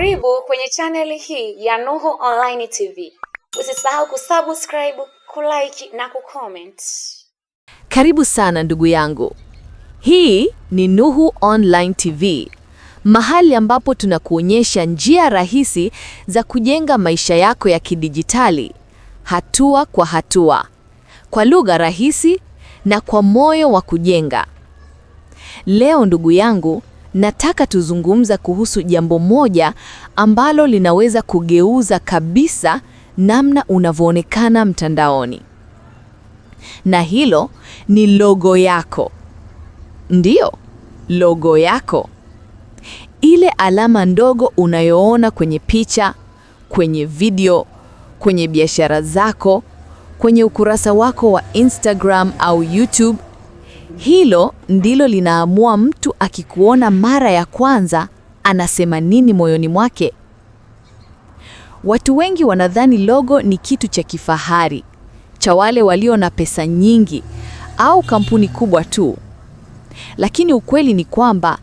Karibu kwenye chaneli hii ya Nuhu Online TV. Usisahau kusubscribe, kulike na kucomment. Karibu sana ndugu yangu. Hii ni Nuhu Online TV. Mahali ambapo tunakuonyesha njia rahisi za kujenga maisha yako ya kidijitali hatua kwa hatua, kwa lugha rahisi na kwa moyo wa kujenga. Leo ndugu yangu, nataka tuzungumza kuhusu jambo moja ambalo linaweza kugeuza kabisa namna unavyoonekana mtandaoni, na hilo ni logo yako. Ndiyo, logo yako, ile alama ndogo unayoona kwenye picha, kwenye video, kwenye biashara zako, kwenye ukurasa wako wa Instagram au YouTube hilo ndilo linaamua mtu akikuona mara ya kwanza anasema nini moyoni mwake. Watu wengi wanadhani logo ni kitu cha kifahari, cha wale walio na pesa nyingi au kampuni kubwa tu. Lakini ukweli ni kwamba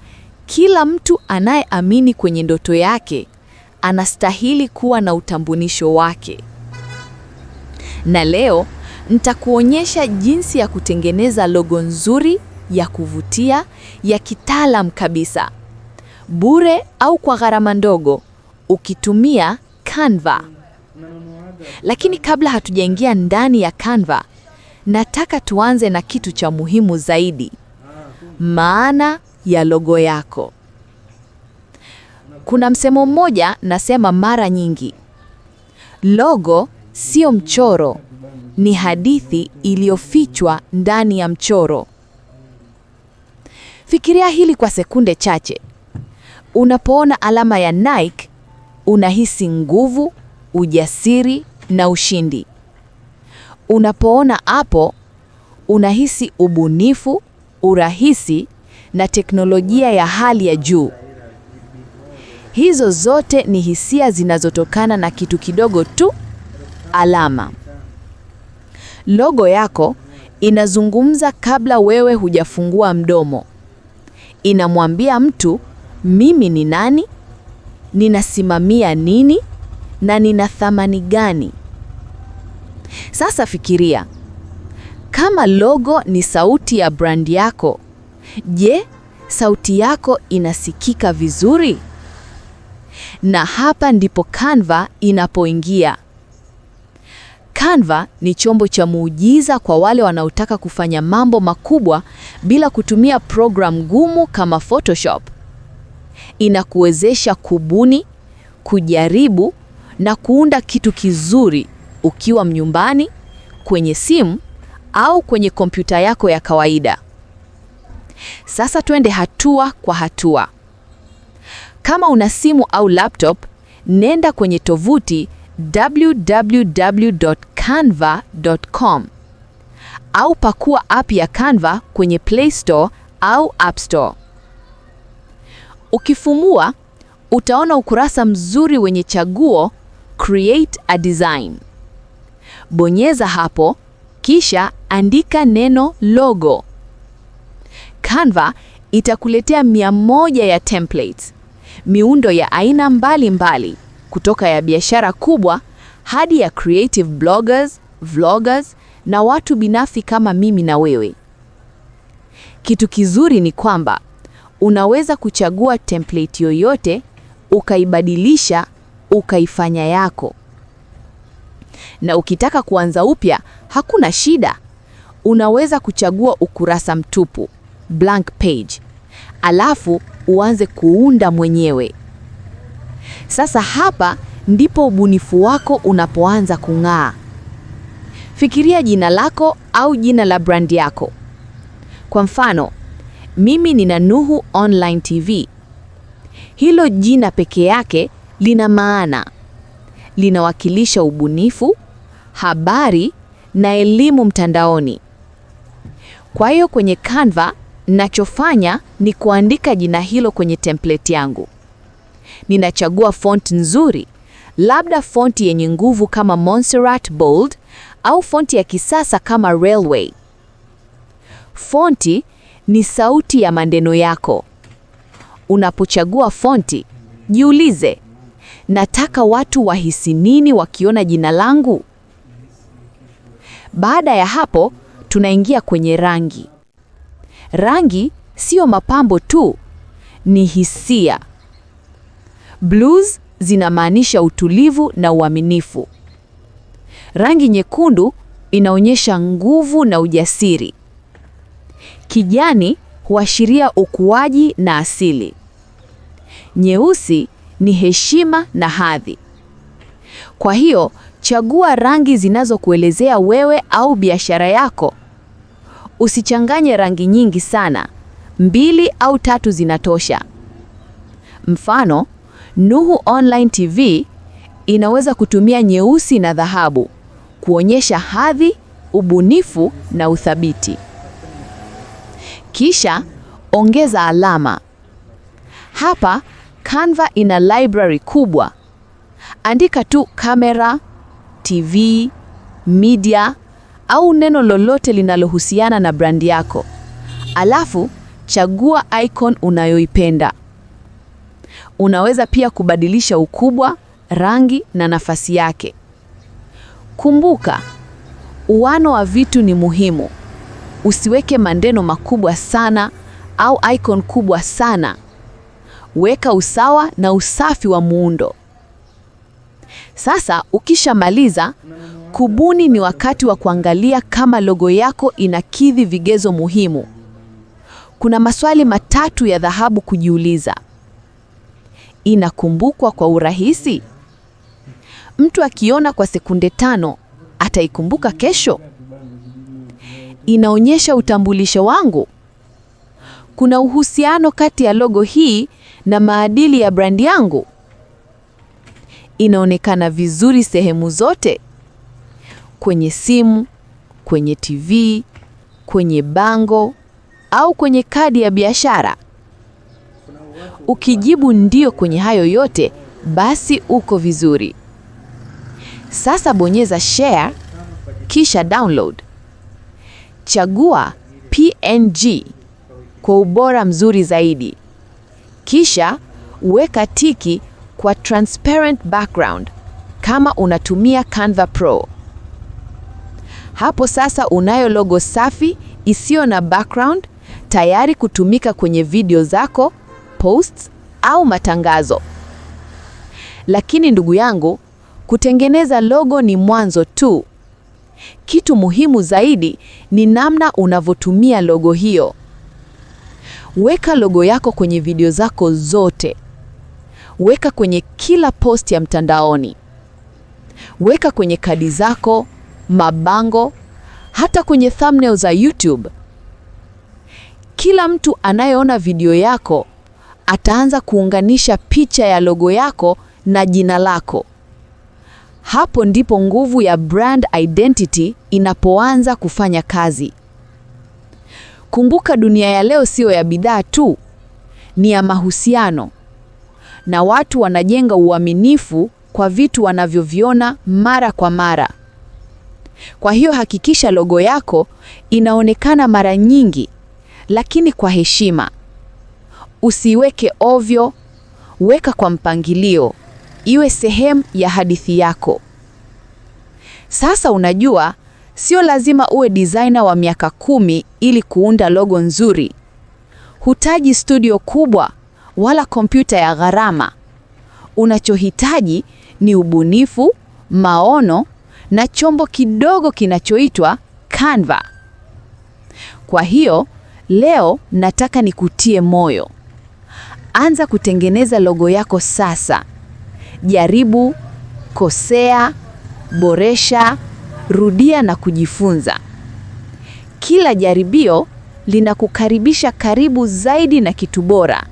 kila mtu anayeamini kwenye ndoto yake anastahili kuwa na utambulisho wake. Na leo Nitakuonyesha jinsi ya kutengeneza logo nzuri ya kuvutia ya kitaalam kabisa, bure au kwa gharama ndogo, ukitumia Canva. Lakini kabla hatujaingia ndani ya Canva, nataka tuanze na kitu cha muhimu zaidi, maana ya logo yako. Kuna msemo mmoja nasema mara nyingi, logo sio mchoro, ni hadithi iliyofichwa ndani ya mchoro. Fikiria hili kwa sekunde chache. Unapoona alama ya Nike, unahisi nguvu, ujasiri na ushindi. Unapoona Apple, unahisi ubunifu, urahisi na teknolojia ya hali ya juu. Hizo zote ni hisia zinazotokana na kitu kidogo tu, alama. Logo yako inazungumza kabla wewe hujafungua mdomo. Inamwambia mtu mimi ni nani, ninasimamia nini na nina thamani gani. Sasa fikiria, kama logo ni sauti ya brandi yako, je, sauti yako inasikika vizuri? Na hapa ndipo Canva inapoingia. Canva ni chombo cha muujiza kwa wale wanaotaka kufanya mambo makubwa bila kutumia program ngumu kama Photoshop. Inakuwezesha kubuni, kujaribu na kuunda kitu kizuri ukiwa mnyumbani, kwenye simu au kwenye kompyuta yako ya kawaida. Sasa twende hatua kwa hatua. Kama una simu au laptop, nenda kwenye tovuti www.canva.com au pakua app ya Canva kwenye Play Store au App Store. Ukifumua utaona ukurasa mzuri wenye chaguo Create a Design. Bonyeza hapo kisha andika neno logo. Canva itakuletea mia moja ya templates, miundo ya aina mbalimbali mbali kutoka ya biashara kubwa hadi ya creative bloggers, vloggers na watu binafsi kama mimi na wewe. Kitu kizuri ni kwamba unaweza kuchagua template yoyote ukaibadilisha ukaifanya yako, na ukitaka kuanza upya hakuna shida. Unaweza kuchagua ukurasa mtupu, blank page, alafu uanze kuunda mwenyewe. Sasa hapa ndipo ubunifu wako unapoanza kung'aa. Fikiria jina lako au jina la brandi yako. Kwa mfano, mimi nina Nuhu Online TV. Hilo jina peke yake lina maana, linawakilisha ubunifu, habari na elimu mtandaoni. Kwa hiyo kwenye Canva nachofanya ni kuandika jina hilo kwenye template yangu ninachagua font nzuri, labda fonti yenye nguvu kama Montserrat Bold au fonti ya kisasa kama Railway. Fonti ni sauti ya maneno yako. Unapochagua fonti, jiulize, nataka watu wahisi nini wakiona jina langu? Baada ya hapo, tunaingia kwenye rangi. Rangi sio mapambo tu, ni hisia. Blues zinamaanisha utulivu na uaminifu. Rangi nyekundu inaonyesha nguvu na ujasiri. Kijani huashiria ukuaji na asili. Nyeusi ni heshima na hadhi. Kwa hiyo, chagua rangi zinazokuelezea wewe au biashara yako. Usichanganye rangi nyingi sana, mbili au tatu zinatosha. Mfano, Nuhu Online TV inaweza kutumia nyeusi na dhahabu kuonyesha hadhi, ubunifu na uthabiti. Kisha ongeza alama. Hapa Canva ina library kubwa. Andika tu kamera, TV, media au neno lolote linalohusiana na brandi yako. Alafu chagua icon unayoipenda. Unaweza pia kubadilisha ukubwa, rangi na nafasi yake. Kumbuka, uwano wa vitu ni muhimu. Usiweke mandeno makubwa sana au icon kubwa sana. Weka usawa na usafi wa muundo. Sasa ukishamaliza kubuni, ni wakati wa kuangalia kama logo yako inakidhi vigezo muhimu. Kuna maswali matatu ya dhahabu kujiuliza inakumbukwa kwa urahisi. Mtu akiona kwa sekunde tano ataikumbuka kesho. Inaonyesha utambulisho wangu. Kuna uhusiano kati ya logo hii na maadili ya brandi yangu. Inaonekana vizuri sehemu zote, kwenye simu, kwenye TV, kwenye bango au kwenye kadi ya biashara. Ukijibu ndio kwenye hayo yote, basi uko vizuri. Sasa bonyeza share kisha download. Chagua PNG kwa ubora mzuri zaidi. Kisha weka tiki kwa transparent background kama unatumia Canva Pro. Hapo sasa unayo logo safi isiyo na background tayari kutumika kwenye video zako posts au matangazo. Lakini ndugu yangu, kutengeneza logo ni mwanzo tu. Kitu muhimu zaidi ni namna unavyotumia logo hiyo. Weka logo yako kwenye video zako zote. Weka kwenye kila post ya mtandaoni. Weka kwenye kadi zako, mabango, hata kwenye thumbnail za YouTube. Kila mtu anayeona video yako ataanza kuunganisha picha ya logo yako na jina lako. Hapo ndipo nguvu ya brand identity inapoanza kufanya kazi. Kumbuka, dunia ya leo siyo ya bidhaa tu, ni ya mahusiano, na watu wanajenga uaminifu kwa vitu wanavyoviona mara kwa mara. Kwa hiyo hakikisha logo yako inaonekana mara nyingi, lakini kwa heshima usiweke ovyo, weka kwa mpangilio, iwe sehemu ya hadithi yako. Sasa unajua, sio lazima uwe designer wa miaka kumi ili kuunda logo nzuri. Hutaji studio kubwa wala kompyuta ya gharama. Unachohitaji ni ubunifu, maono na chombo kidogo kinachoitwa Canva. Kwa hiyo leo nataka nikutie moyo. Anza kutengeneza logo yako sasa. Jaribu, kosea, boresha, rudia na kujifunza. Kila jaribio linakukaribisha karibu zaidi na kitu bora.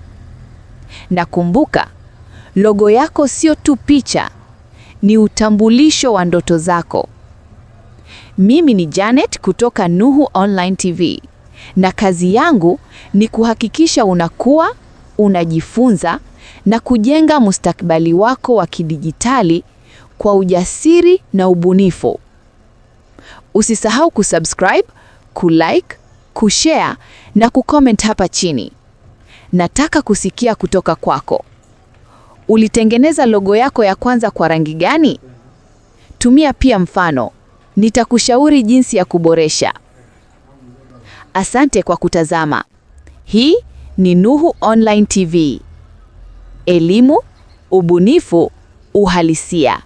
Na kumbuka, logo yako sio tu picha, ni utambulisho wa ndoto zako. Mimi ni Janet kutoka Nuhu Online TV, na kazi yangu ni kuhakikisha unakuwa unajifunza na kujenga mustakabali wako wa kidijitali kwa ujasiri na ubunifu. Usisahau kusubscribe, kulike, kushare na kucomment hapa chini. Nataka kusikia kutoka kwako. Ulitengeneza logo yako ya kwanza kwa rangi gani? Tumia pia mfano. Nitakushauri jinsi ya kuboresha. Asante kwa kutazama. Hii ni Nuhu Online TV. Elimu, ubunifu, uhalisia.